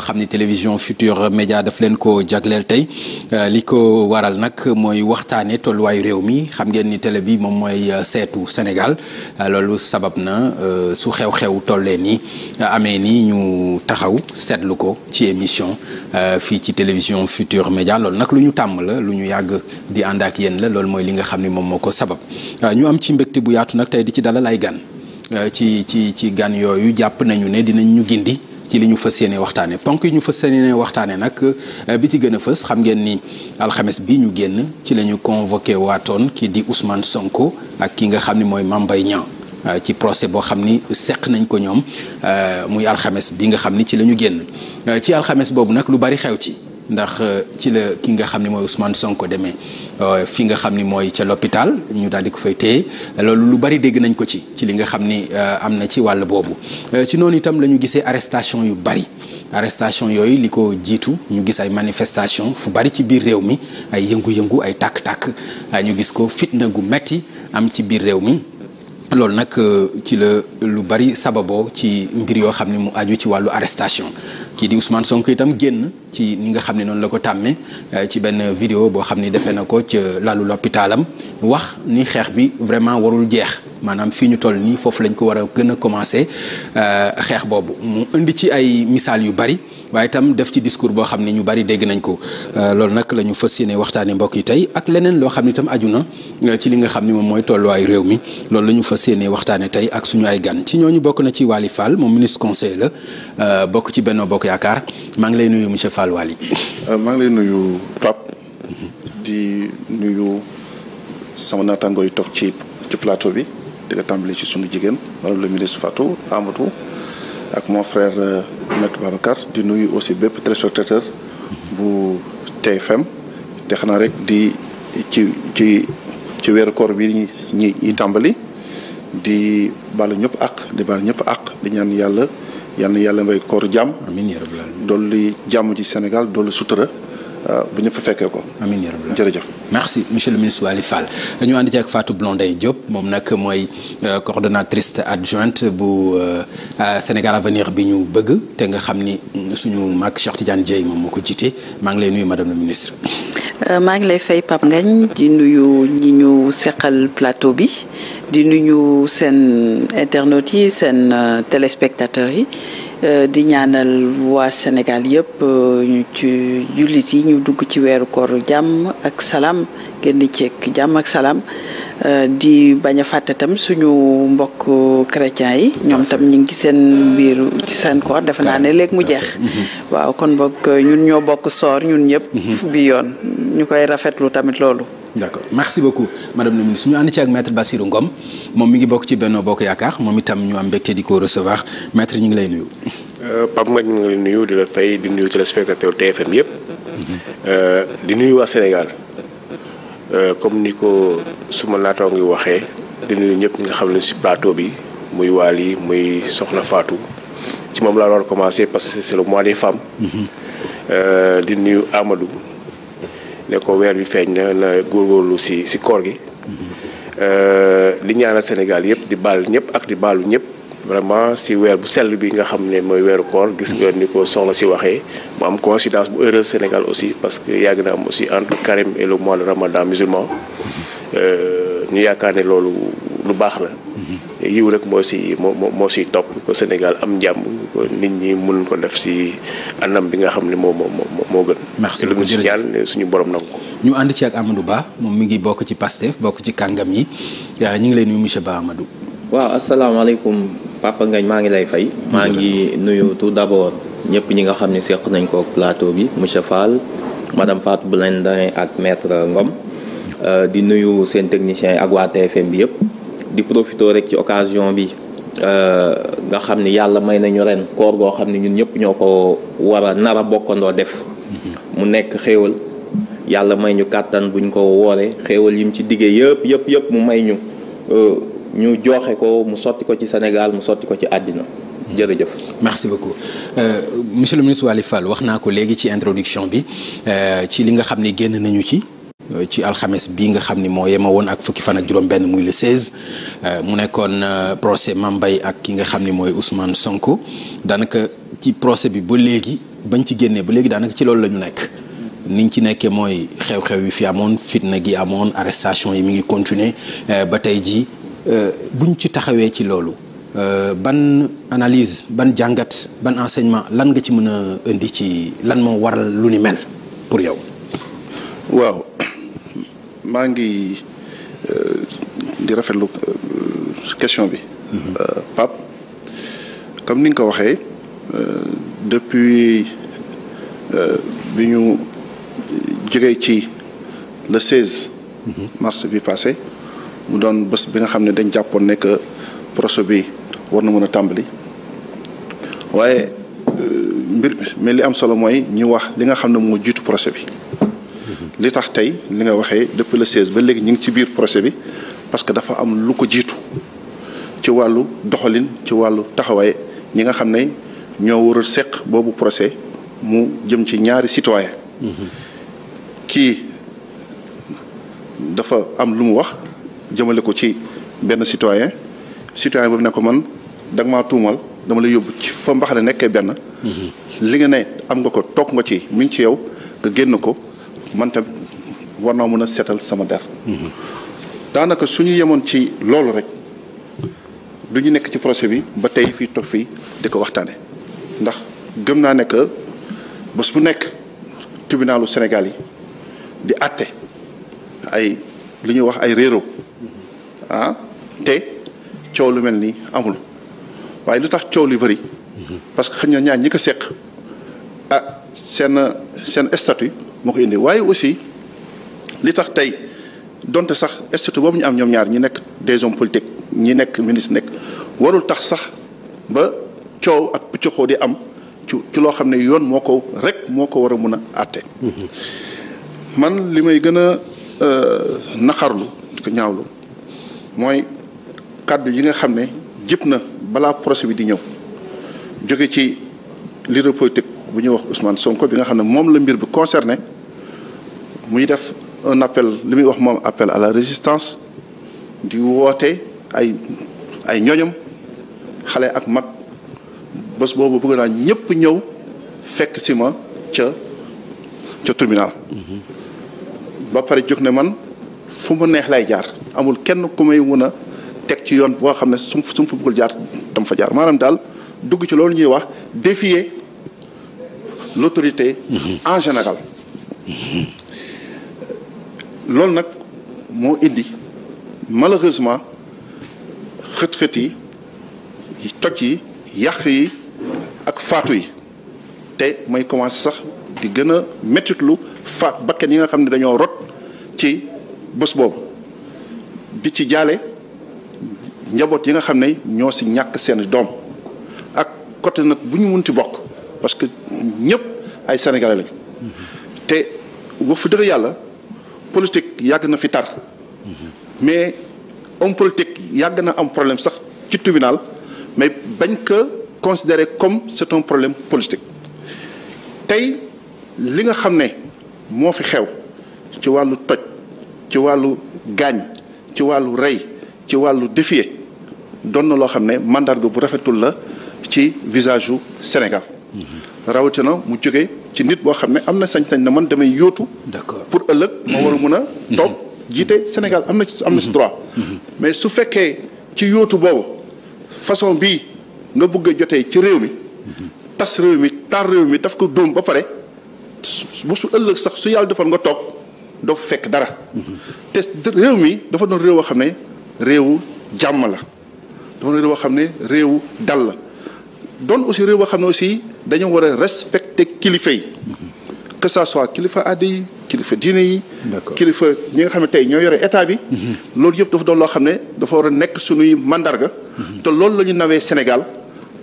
boo xam ni télévision Futur Média daf leen ko jagleel tey euh, li ko waral nag mooy waxtaane tolluwaayu réew mi xam ngeen ni télé bi moom mooy euh, seetu Sénégal euh, loolu sabab na su xew-xew tollee nii amee nii ñu taxaw seetlu ko ci émission fii ci télévision Futur Média loolu nag lu ñu tàmm la lu ñu yàgg di ànd ak yéen la loolu mooy li nga xam ni moom moo ko sabab ñu am ci mbégte bu yaatu nag tey di ci dalal ay gan ci ci ci gan yooyu jàpp nañu ne dinañ ñu gindi ci li ñu fas yéene waxtaane ponk yi ñu fës fas yéene waxtaane nag eh, bi ci gën a fës xam ngeen ni alxames bi ñu génn ci la ñu convoqué waatoon kii di Ousmane Sonko ak ki nga xam ni mooy Mame Mbaye Niang eh, ci procès boo xam ni seq nañ ko ñoom eh, muy alxames bi nga xam ni ci la ñu génn ci alxames boobu nag lu bari xew ci ndax euh, ci la ki nga xam ni mooy Ousmane ko demee euh, fi nga xam ni mooy ca l'hôpital ñu daal di ko fay téye loolu lu bari dégg nañ ko ci ci li nga xam ni euh, am na ci wàll boobu ci noonu itam la ñu gisee arrestation yu bari arrestation yooyu li ko jiitu ñu gis ay manifestation fu bari ci biir réew mi ay yëngu-yëngu ay tàkk-tàkk ñu gis ko fitna gu metti am ci biir réew mi loolu nag ci la lu bari sababoo ci mbir yoo xam ne mu aju ci wàllu arrestation ci di Ousmane sonk itam génn ci ni xam ne noonu la ko tàmmee euh, ci benn vidéo boo xam ni defe na ko ca lalu lopitaalam wax ni xeex bi vraiment warul jeex maanaam fii ñu toll nii foofu lañ ko war a gën a commencé euh, xeex boobu mu indi ci ay misaal yu bari waaye itam def ci discours boo xam ne ñu bari dégg nañ ko euh, loolu nag la ñu fas yéene waxtaanee mbokk yi tey ak leneen loo xam ne itam aju na euh, ci li nga xam ne moom mooy tolluwaayu réew mi loolu la ñu fas yéene waxtaanee tey ak suñu ay gan ci ñoo ñu bokk na ci waali Fall moom ministre conseiller la bokk ci Benno Bokk Yaakaar maa ngi lay nuyu monsieur Fall Waly. maa ngi lay nuyu Pape mhm. di nuyu toog ci ci bi. di tàmbali ci suñu jigéen madame le ministre Fatou Amadou ak mon frère euh, maître Babacar di nuyu aussi bépp téléspectateur bu TFM te xanaa rek di ci ci ci weeru koor bi ñi ñi tàmbali di baalu ñëpp àq di baal ñëpp àq di ñaan yàlla yal yàlla mbay koor jàmm. amiin jàmm ci Sénégal dolli sutura. bu ñëpp fekkee ko. amin yaa rabbal jërëjëf. merci monsieur le ministre Waly Fall ñu ànd ci ak Fatou Blondin Diop moom nag mooy euh, coordonnatrice adjointe bu euh, Sénégal Avenir bi ñu bëgg te nga xam ni mm, suñu mag Cheikh Tidiane Dieye moom moo ko jiite maa ngi lay nuyu madame la ministre. Euh, maa ngi lay fay Pape ngañ di nuyu ñi ñu seqal plateau bi di nuyu seen internautes yi seen téléspectateurs yi. Euh, di ñaanal waa Sénégal yëpp euh, ñu ci jullit yi ñu dugg ci weeru koor jàmm ak salaam génn ceeg jàmm ak salaam euh, di bañ a fàtte tam suñu mbokk chrétiens yi ñoom tam ñu ngi seen biir ci seen koor defe naa ne léegi mu jeex mhm. waaw kon boog ñun ñoo bokk soor ñun ñëpp mhm. bi yoon ñu koy rafetlu tamit loolu d' accord merci beaucoup madame la ministre ñu ànd ci ak maître Bassirou Ngom moom mi ngi bokk ci Benno Bokk Yaakaar moom itam ñu am mbégte di ko recevoir maître ñu ngi lay nuyu. Euh, Pape Ngagne ñu ngi lay nuyu di la fay di nuyu téléspectateur TFM yëpp. Euh, di nuyu waa Sénégal euh, comme ni ko suma naatoo ngi waxee di nuyu ñëpp ñi nga xam ne si plateau bi muy Waly muy Soxna Fatou ci moom laa doon commencé parce que c' mois des femmes. Mm-hmm. di nuyu Amadou. ne ko weer bi feeñ na na góor góorlu si si koor gi li euh, ñaanal Sénégal yëpp di baal ñëpp ak di baalu ñëpp vraiment si weer bu sell bi nga xam ne mooy weeru koor gis nga ni ko soxna si waxee mu am coïncidence bu heureuse Sénégal aussi parce que yàgg na am aussi entre Carême et le mois de Ramadan musulman euh, ñu yaakaar ne loolu lu baax la mm-hmm. yiw rek moo si moo moo siy topp ko Sénégal am njàmm nit ñi mun ko def si anam bi nga xam ne moo moo moo gën. merci beaucoup jërëjëf ñaan suñu borom nag ko. ñu ànd ci ak Amadou baax moom mi ngi bokk ci Pastef bokk ci kàngam yi ñu ngi lay nuyu monsieur Ba Amadou. waaw asalaamaaleykum Papa Ngagne maa ngi lay fay. maa ngi nuyu tout d'abord ñëpp ñi nga xam ne seq nañ ko plateau bi monsieur Fall madame Fatou Blondin ak maître Ngom. Euh, di nuyu seen techniciens yi ak waa TFM bi yëpp di profité rek ci occasion bi Euh, nga xam ni yàlla may nañu ren koor goo xam ni ñun ñëpp ñoo ko war a nar bokkandoo def mhm. mu nekk xéewal yàlla may ñu kàttan buñ ko wooree xéewal yi mu ci diggee yëpp yëpp yëpp mu may ñu euh, ñu jooxe ko mu sotti ko ci Sénégal mu sotti ko ci àddina mhm. jërëjëf. merci beaucoup euh, monsieur le ministre Waly Fall wax naa ko léegi ci introduction bi euh, ci li nga xam ne génn nañu ci. Euh, ci alxames bii nga xam ni moo yema woon ak fukki fan ak juróom-benn muy le 16 euh, mu nekkoon euh, procès Mame Mbaye ak ki nga xam ni mooy Ousmane Sonko daanaka ci procès bi ba léegi bañ ci génnee ba léegi daanaka ci loolu la ñu nekk. niñ ci nekkee mooy xew-xew yi fi amoon fitna gi amoon arrestation yi mu ngi continuer ba tey jii buñ ci taxawee ci loolu ban analyse ban jàngat ban enseignement lan nga ci mën a indi ci lan moo waral lu ni mel pour yow. waaw maa ngi euh, di rafetlu euh, question bi. Mhm. Euh, Pape comme ni nga ko waxee depuis bi ñu jógee ci le 16. Mhm. mars bi passé mu doon bës bi nga xam ne dañ jàppoon ne que procès bi war na mën a tàmbali waaye mbir mais li am solo mooy ñu wax li nga xam ne moo jiitu proce bi. li tax tey li nga waxee depuis le 16 ba léegi ñu ngi ci biir procès bi parce que dafa am lu ko jiitu ci wàllu doxalin ci wàllu taxawaay ñi nga xam ne ñoo war a seq boobu procès mu jëm ci ñaari citoyen kii dafa am lu mu wax jëmale ko ci benn sitoyen citoyen boobu ne ko man da nga tuumal dama la yóbbu ci fa mbax ne nekkee benn mhm. li nga ne am nga ko toog nga ci mi ci yow nga génn ko man tamit war naa mën a seetal sama der daanaka suñu yemoon ci loolu rek du ñu nekk ci projet bi ba tey fii toog fii di ko waxtaane ndax gëm naa ne que bés bu nekk tribunalu Sénégal yi di àtte ay lu ñuy wax ay réeróo ah te coow lu mel nii amul waaye lu tax coow li bëri mhm. parce que xëy na ñaar ñi ko seq ah seen seen statut moo ko indi waaye aussi li tax tey donte sax statut boobu ñu am ñoom ñaar ñi nekk des hommes politiques ñi nekk ministre nekk warul tax sax ba coow ak piccoxoo di am ci ci loo xam ne yoon moo ko rek moo ko war a mun a àtte man li may gën a euh, naqarlu di ñaawlu mooy kàddu yi nga xam ne jëpp na balaa procès bi di ñëw jóge ci leader politique bu ñuy wax Ousmane Sonko bi nga xam ne moom la mbir bi concerné muy def un appel li muy wax moom appel à la résistance di woote ay ay ñoñam xale ak mag bës boobu bëgg naa ñëpp ñëw fekk si ma ca ca tribunal. Mm-hmm. ba pare jóg ne man fu mu neex lay jaar amul kenn ku may mën a teg ci yoon boo xam ne su su mu jaar dam fa jaar maanaam daal dugg ci loolu ñuy wax défier. l'autorité en général loolu nag moo indi malheureusement xët-xët yi toj yi yàq yi ak faatu yi te may commencé sax di gën a méttitlu faat bakkan yi nga xam ne dañoo rot ci bës boobu di ci jaale njaboot yi nga xam ne ñoo si ñàkk seeni doom ak côté nag bu ñu munti bokk parce que ñëpp ay sénégalais lañu. te wax fa dëgg yàlla politique yàgg na fi tar. mais homme politique yàgg na am problème sax ci tribunal mais bañ ko considérer comme c'est un problème politique. tey li nga xam ne moo fi xew ci wàllu toj ci wàllu gaañ ci wàllu rey ci wàllu défier doon na loo xam ne mandarga bu rafetul la ci visage u Sénégal. rawatina mu jóge ci nit woo xam ne am na sañ-sañ na man damay yóotu. d'accord pour ëllëg moo war a mën a. Mhm. toog jiite Sénégal am na ci am na ci mhm. Mhm. mais su fekkee ci yóotu boobu façon bi nga bëgg a jotee ci réew mi. tas réew mi tar réew mi daf ko dóom ba pare su ëllëg sax su yàlla defoon nga toog doo fekk dara. te réew mi dafa doon réew woo xam ne réewu jàmm la dafa doon réew boo xam ne réewu dal la. doon aussi réew boo xam ne aussi dañu war a respecter kilifa yi que ça soit kilifa àddi yi kilifa diine yi kilifa ñi nga xam ne tey ñoo yore état bi loolu yëpp dafa doon loo xam ne dafa war a nekk suñuy mandarga mhm. te loolu la ñu nawee Sénégal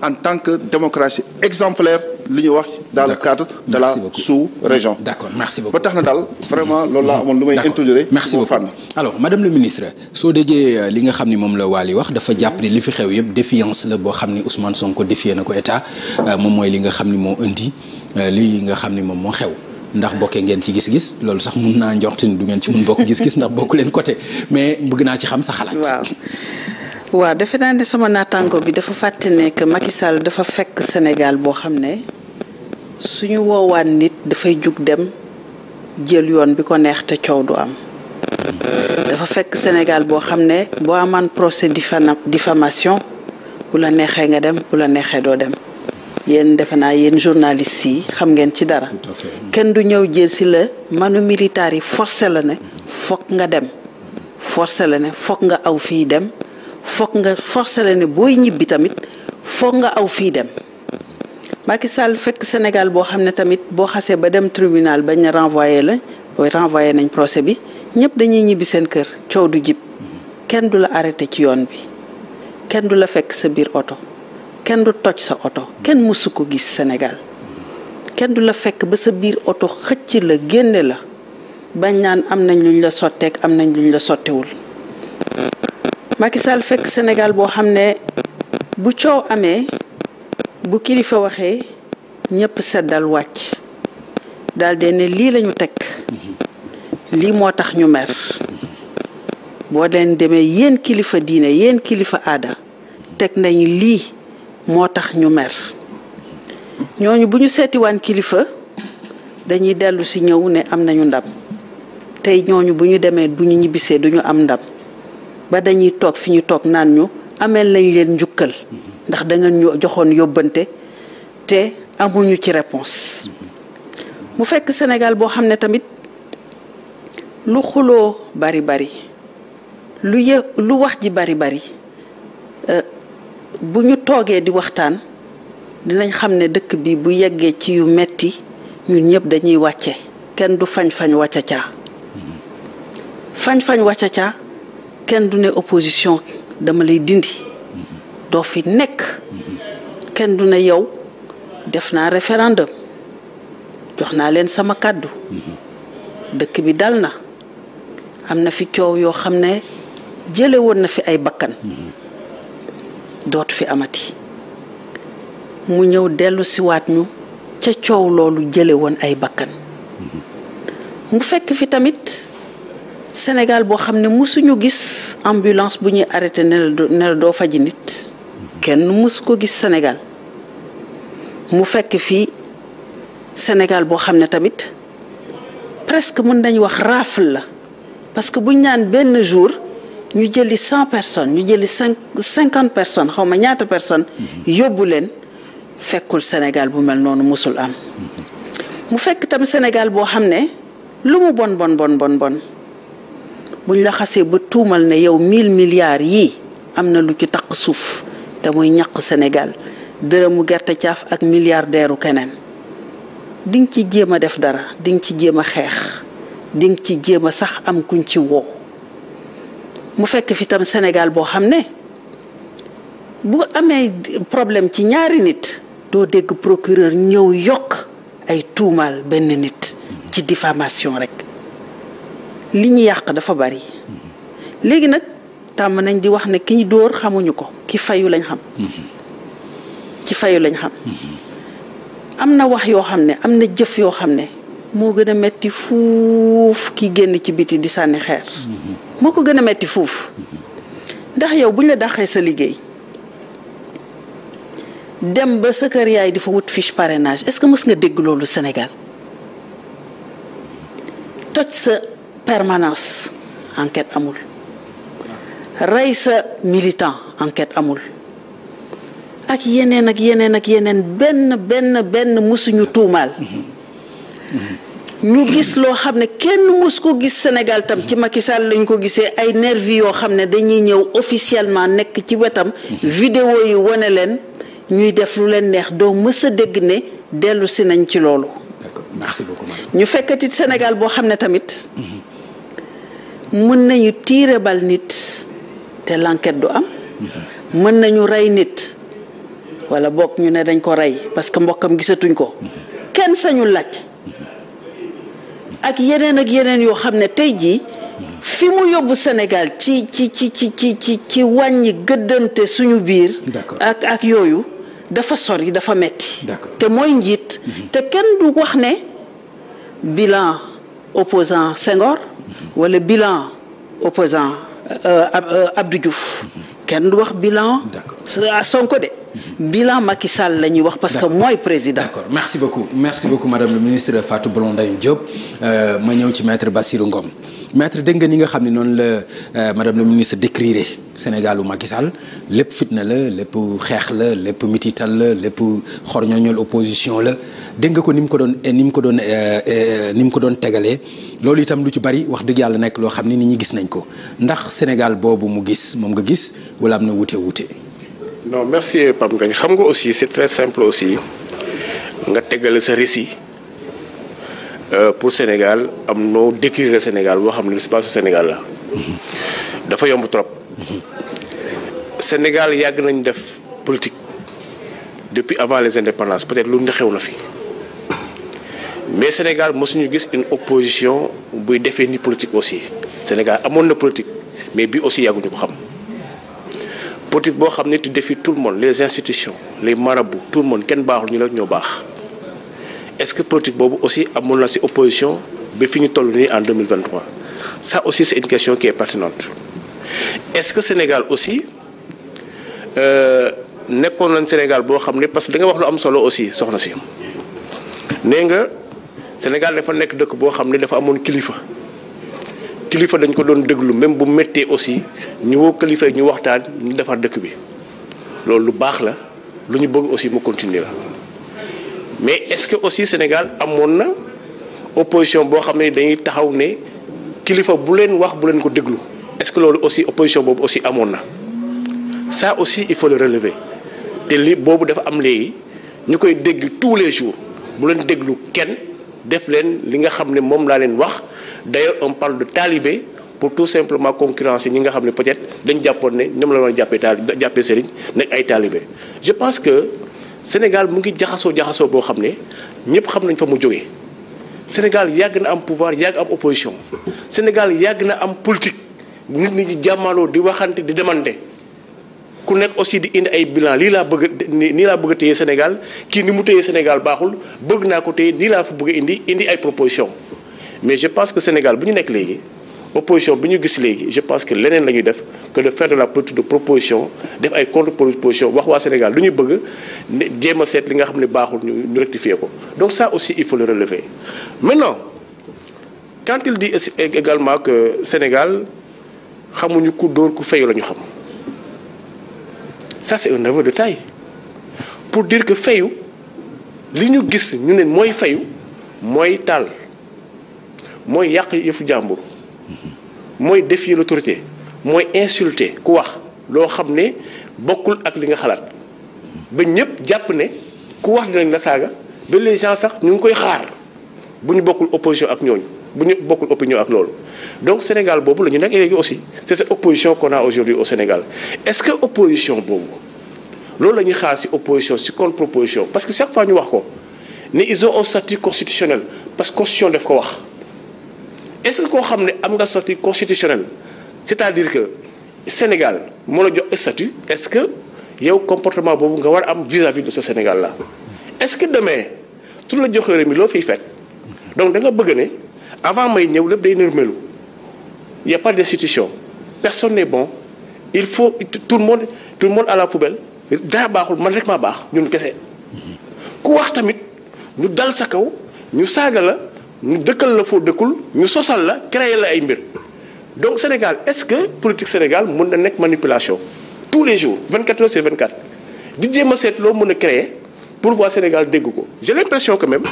en tant que démocratie exemplaire li ñuy wax daal a cadre de la sous-région. d'accord merci beaucoup ba tax na daal vraiment loolu laa amoon lu may introduire. merci beaucoup alors madame le ministre soo déggee euh, li nga xam ni moom la Waly wax dafa jàpp li fi xew yëpp défiance la boo xam ni Ousmane Sonko défier na ko état euh, moom mooy li nga xam ni moo indi euh, lii nga xam ni moom moo xew. ndax bokkee ngeen ci gis-gis loolu sax mun naa njoxtin du ngeen ci mun bokk gis-gis ndax bokku leen côté mais bëgg naa ci xam sa xalaat. waaw waaw defe naa ne sama naataango bi dafa fàtte ne que Macky dafa fekk Sénégal boo xam ne suñu woowaan nit dafay jug dem jël yoon bi ko neex te coow du am dafa fekk Sénégal boo xam ne boo amaan procès diffamation bu la neexee nga dem bu la neexee doo dem yéen defe naa yéen journalistes yi xam ngeen ci dara kenn du ñëw jël si la manu militaire yi forcé la ne foog nga dem forcé la ne foog nga aw fii dem foog nga forcé la ne booy ñibbi tamit foog nga aw fii dem Macky Sall fekk Sénégal boo xam ne tamit boo xasee ba dem tribunal bañ na renvoyé la booy renvoyé nañ procès bi ñëpp dañuy ñibbi seen kër coow du jib kenn du la arrêté ci yoon bi kenn du la fekk sa biir oto kenn du toj sa oto kenn mësu ko gis Sénégal kenn du la fekk ba sa biir oto xëcc la génne la bañ naan am nañ luñ la sotteek am nañ luñ la sottewul Macky fekk Sénégal boo xam ne bu coow amee bu kilifa waxee ñëpp seddal wàcc dalde ne lii lañu teg lii moo tax ñu mer boo leen demee yéen kilifa diine yéen kilifa aada teg nañ lii moo tax ñu mer ñooñu bu ñu seetiwaan kilifa dañuy dellu si ñëw ne am nañu ndam tey ñooñu bu ñu demee bu ñu ñibbisee du ñu am ndam ba dañuy toog fi ñu toog naan ñu ameel lañ leen njukkal ndax da ngeen ñu joxoon yóbbante te amuñu ci réponse mu fekk senegal boo xam ne tamit lu xuloo bari bari lu yë lu wax ji bari bari euh, bu ñu toogee di waxtaan dinañ xam ne dëkk bi bu yeggee ci yu metti ñu ñëpp dañuy wàcce kenn du fañ-fañ wàccaca fañ-fañ ca kenn du ne opposition dama lay dindi doo fi nekk kenn du ne yow def naa référendum jox naa leen sama kàddu dëkk bi dal na am na fi coow yoo xam ne jële woon na fi ay bakkan dootu fi amati mu ñëw dellu siwaat ñu ca coow loolu jële woon ay bakkan mu fekk fi tamit Sénégal boo xam ne mësuñu gis ambulance bu ñuy arrêté ne la doo faji nit nu mosu ko gis senegal mu fekk fii Sénégal boo xam ne tamit presque mun nañ wax rafle la parce que buñ naan benn jour ñu jëli cent personnes ñu jëli cinq cinquante personnes xaw ma ñaata personnes mhm. yóbbu leen fekkul senegal bu mel noonu musul am mhm. mu fekk tamit senegal boo xam ne lu mu bon bon bon buñ laxasee ba tuumal na yow mille milliards yi am na lu ci taq suuf te muy ñaq Sénégal dërëmu gerte caaf ak milliardaire u keneen di ci jéem a def dara di nga ci jéem a xeex di ci jéem a sax am kuñ ci woo mu fekk fi tam Sénégal boo xam ne bu amee problème ci ñaari nit doo dégg procureur ñëw yokk ay tuumaal benn nit ci diffamation rek li yàq dafa bari léegi nag tàmm nañ di wax ne ki dóor xamuñu ko ki fayu lañ xam ci fayu lañ xam am na wax yoo xam ne am na jëf yoo xam ne moo gën a metti fuuf ki génn ci biti di sànni xeer moo ko gën a metti fuuf ndax yow buñ la dàqee sa liggéey dem ba sa kër yaay di fa wut fiche parrainage est-ce que mës nga dégg loolu Sénégal toj sa permanence enquête amul rey sa militant enquête amul ak yeneen ak yeneen ak yeneen benn benn benn mësuñu tuumaal ñu gis loo xam ne kenn mësu ko gis Sénégal tam ci Macky Sall lañ ko gisee ay nervi yoo xam ne dañuy ñëw officiellement nekk ci wetam video yi wane leen ñuy def lu leen neex doo mësa a dégg ne dellu nañ ci loolu d'accord merci ñu fekkati Sénégal boo xam ne tamit mën nañu tiire bal nit te l'enquête du am mën nañu rey nit wala bokk ñu ne dañ ko rey parce que mbokkam gisatuñ ko kenn sañu laj ak yeneen ak yeneen yoo xam ne tey jii fi mu yóbbu Sénégal ci ci ci ci ci ci ci wàññi gëddante suñu biir ak ak yooyu dafa sori dafa metti te mooy njiit mhm. te kenn du wax ne bilan opposant Senghor walla bilan opposant Euh, euh, Abdou Diouf kenn du wax bilan. Euh, Sonko de. bilan Macky Sall la ñuy wax parce que mooy président. d'accord merci beaucoup merci beaucoup madame la ministre Fatou Blondin Diop ma ñëw ci maître Bassirou Ngom maître dégg nga ni nga xam ne noonu la madame la ministre décrire Sénégalu Macky Sall lépp fitna la lépp xeex la lépp mitital la lépp xorñoñol opposition la dégg nga ko ni mu ko doon eh, ni mu ko doon eh, eh, ni mu ko doon tegalee loolu itam lu ci bari wax dëgg yàlla nekk loo xam ne nit ñi gis nañ ko ndax Sénégal boobu mu gis moom nga gis wala am na wute wute. non merci pam nga xam nga aussi c'est très simple aussi nga tegale sa récit euh, pour Sénégal am noo décrire Sénégal boo xam ne espace Sénégal la. Mhm. dafa yomb trop. Sénégal yàgg nañu def politique depuis avant les indépendances peut-être lu ne xew na fi mais Sénégal mosuñu gis une opposition buy defee ni politique aussi. Sénégal amoon na politique mais bi aussi yàgguñu ko xam politique boo xam ne tu défies tout le monde les institutions les marabouts tout le monde kenn baaxul ñu la ñoo baax est-ce que politique boobu aussi amoon na ci opposition ba fi ñu toll nii en 2023 ça aussi c'est une question qui est pertinente. est-ce que Sénégal aussi euh, nekkoon nañ Sénégal boo xam ne parce que da nga wax lu am solo aussi soxna si nee nga Sénégal dafa nekk dëkk boo xam ne dafa amoon kilifa kilifa dañ ko doon déglu même bu méttee aussi ñu woo kilifa waxtaan ñu defar dëkk bi loolu lu baax la lu ñu bëgg aussi mu continuer mais est-ce que aussi Sénégal amoon na opposition boo xam ne dañuy taxaw ne kilifa bu leen wax bu leen ko déglu. est-ce que loolu aussi opposition boobu aussi amoon na ça aussi il faut le relever te li boobu dafa am léegi ñu koy dégg tous les jours bu leen déglu kenn def leen li nga xam ne moom laa leen wax d'ailleurs on parle de talibé pour tout simplement concurrencer ñi nga xam ne peut-être dañ jàppoon ne ñoom la war a jàppee taali jàppee sëriñ nekk ay talibé je pense que Sénégal mu ngi jaxasoo jaxasoo boo xam ne ñëpp xam nañ fa mu jóge Sénégal yàgg na am pouvoir yàgg am opposition Sénégal nit ñi di jàmmaloo di waxante di demande ku nekk aussi di indi ay bilan lii laa bëgg nii laa bëgg a téye Sénégal kii ni mu téye Sénégal baaxul bëgg naa ko téye nii laa fa bëgg indi indi ay proposition mais je pense que Sénégal bu ñu nekk léegi opposition bu ñu gis léegi je pense que leneen la ñuy def que de faire de la politique de proposition def ay contre proposition wax waa Sénégal lu ñu bëgg jéem a seet li nga xam ne baaxul ñu rectifier ko donc ça aussi il faut relever maintenant quand il dit également que Sénégal xamuñu ku dóor ku fayu la ñu xam ça c'est un aveu de taille pour dire que fayu li ñu gis ñu ne mooy fayu mooy taal mooy yàq yëfu jàmbur mooy défier l'autorité mooy insulter ku wax loo xam ne bokkul ak li nga xalaat ba ñëpp jàpp ne ku wax dinañ la saaga ba les sax ñu ngi koy xaar bu ñu bokkul opposition ak ñooñu bu ñu bokkul opinion ak loolu donc Sénégal boobu la ñu nekk léegi aussi c'est cette opposition qu'on a aujourd'hui au Sénégal est-ce que opposition boobu loolu la ñuy xaar ci opposition ci contre-proposition parce que chaque fois ñu wax ko ne ils ont un statut parce que constitution def ko wax est koo xam ne am nga statut constitutionnel c'est-à-dire que Sénégal moo la jox statut est-ce que yow comportement boobu nga war a am vis-à-vis de ce Sénégal est-ce que demain su la joxee réew loo fiy fekk donc da nga bëgg ne avant may ñëw lépp day nërmelu y a pas d'institution personne n'est bon il faut tout le monde tout le monde à la poubelle dara baaxul man rek maa baax ñun kese ku wax tamit ñu dal sa kaw ñu saaga la ñu dëkkal la foo dëkkul ñu sosal la créer la ay mbir donc Sénégal est-ce que politique Sénégal mën na nekk manipulation tous les jours 24 heures sur 24 di jéem a seet loo mën a créer pour voir Sénégal dégg ko j'ai l'impression que même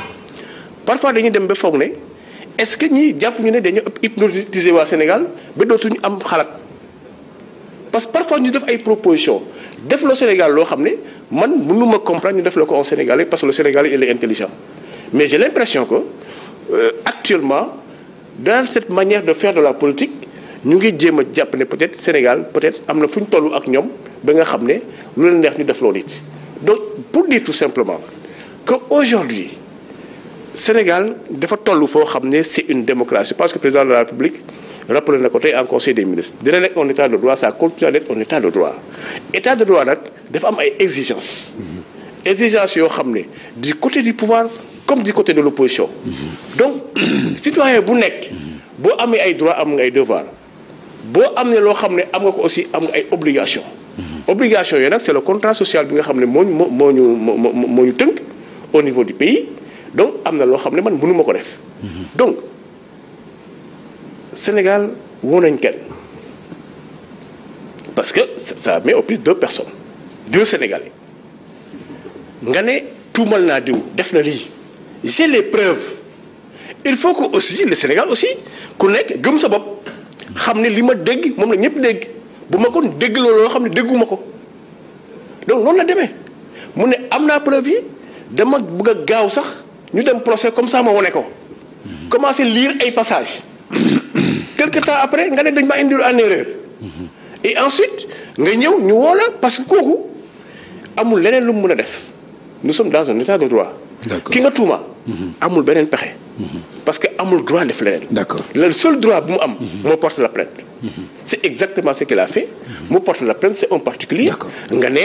parfois dañuy dem ba foog ne est-ce que ñii jàpp ñu ne dañu hypnotiser waa Sénégal ba dootuñu am xalaat parce que parfois ñu def ay proposition def loo Sénégal loo xam ne man mënu ma comprendre ñu def la ko en sénégalais parce que le sénégalais il intelligent mais j'ai l'impression ko euh, actuellement dans cette manière de faire de la politique ñu ngi jéem a jàpp ne peut-être Sénégal peut-être am na fu ñu toll ak ñoom ba nga xam ne lu leen neex ñu def loo nit donc pour dire tout simplement Sénégal dafa toll foo xam ne c'est une démocratie parce que président de la République rappelé na ko tey en conseil des ministres dina nekk un état de droit ça continue à être un état de droit état de droit nag dafa am ay exigences exigences yoo xam ne du côté du pouvoir comme du côté de l'opposition donc citoyen bu nekk boo amee ay droits am nga ay devoirs boo am ne loo xam ne am nga ko aussi am nga ay obligations obligation yooyu nag c'est le contrat social bi nga xam ne moo ñu moo moo ñu moo ñu tënk au niveau du pays donc am na loo xam ne man mënu ma ko def. Mhm. donc Sénégal woo nañ kenn parce que ça met au plus deux personnes deux Sénégalais nga ne tuumal naa diw def na lii j'ai les preuves il faut que aussi le Sénégal aussi ku nekk gëm sa bopp xam ne li ma dégg moom la ñëpp dégg bu ma koon dégg loolu loo xam ne dégguma ko donc noonu la demee mu ne am naa preuve yi dama bëgg a gaaw sax. ñu dem procès comme ça ma wane ko. commencé lire ay passages. quelque temps après nga ne dañ ma indil en erreur. Mm-hmm. et ensuite nga ñëw ñu woo la parce que kooku amul leneen lu mu mën a def nous sommes dans un état de droit. ki nga tuuma. Mm-hmm. amul beneen pexe. Mm-hmm. parce que amul droit def leneen. d'accord le seul droit bu mu am. moo porte la plainte. c'est exactement ce qu'il a fait. mu porte la plainte c'est un particulier. nga ne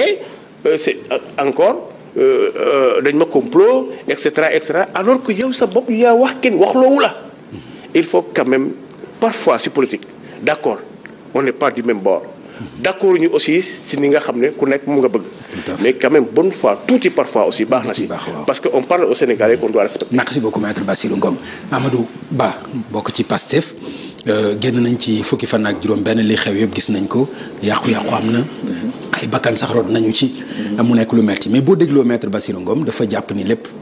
euh, c'est euh, encore. Euh, euh, dañ ma complot et cetera et cetera alors que yow sa bopp yaa wax kenn waxloowu la il faut quand même parfois si politique d' accord on n'est pas du même bord ñu aussi si ni nga xam ne ku nekk moom nga bëgg. mais quand même bonne fois tuuti parfois aussi baax na si. parce que on parle au Sénégalais qu'on doit respecter. merci beaucoup maître Bassirou Ngom Amadou Ba bokk ci Pastef euh, génn nañ ci fukki fan ak juróom benn li xew yëpp gis nañ ko yàqu-yàqu am na. ay bakkan sax rot nañu ci. mu nekk lu metti mais boo dégloo maître Bassirou Ngom dafa jàpp ni lépp.